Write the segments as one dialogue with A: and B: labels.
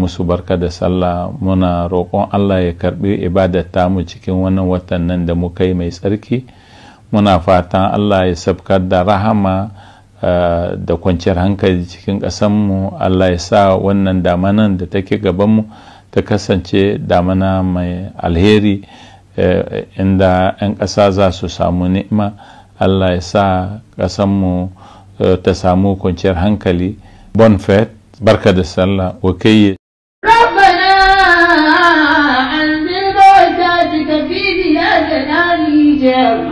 A: musu barka da sallah muna roƙon allah ya karɓi ibadar mu cikin wannan watan nan da muka yi mai tsarki muna fatan allah ya sabkar da rahama eh, da kwanciyar hankali cikin ƙasanmu allah ya sa wannan damanan da take gabanmu ta kasance damana mai alheri eh, inda 'yan ƙasa za su samu ni'ima allah ya sa ƙasanmu eh, ta samu kwanciyar hankali bonfet barka da sallah wakeye
B: جر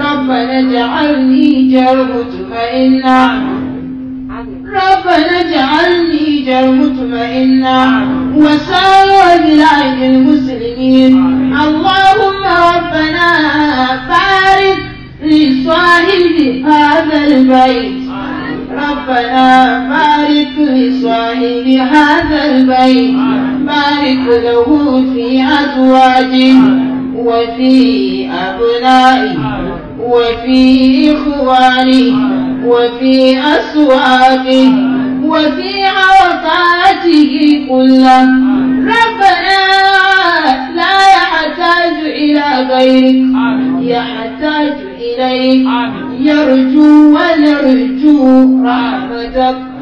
B: ربنا اجعلني جر مطمئنا ربنا اجعلني جر مطمئنا وسائر بلاد المسلمين اللهم ربنا بارك لصاحب هذا البيت ربنا بارك لصاحب هذا البيت بارك له في أزواجه وفي أبنائه وفي إخوانهم وفي أسواقهم وفي عرفاته كله ربنا لا يحتاج إلى غيرك يحتاج إليك يرجو ونرجو رحمتك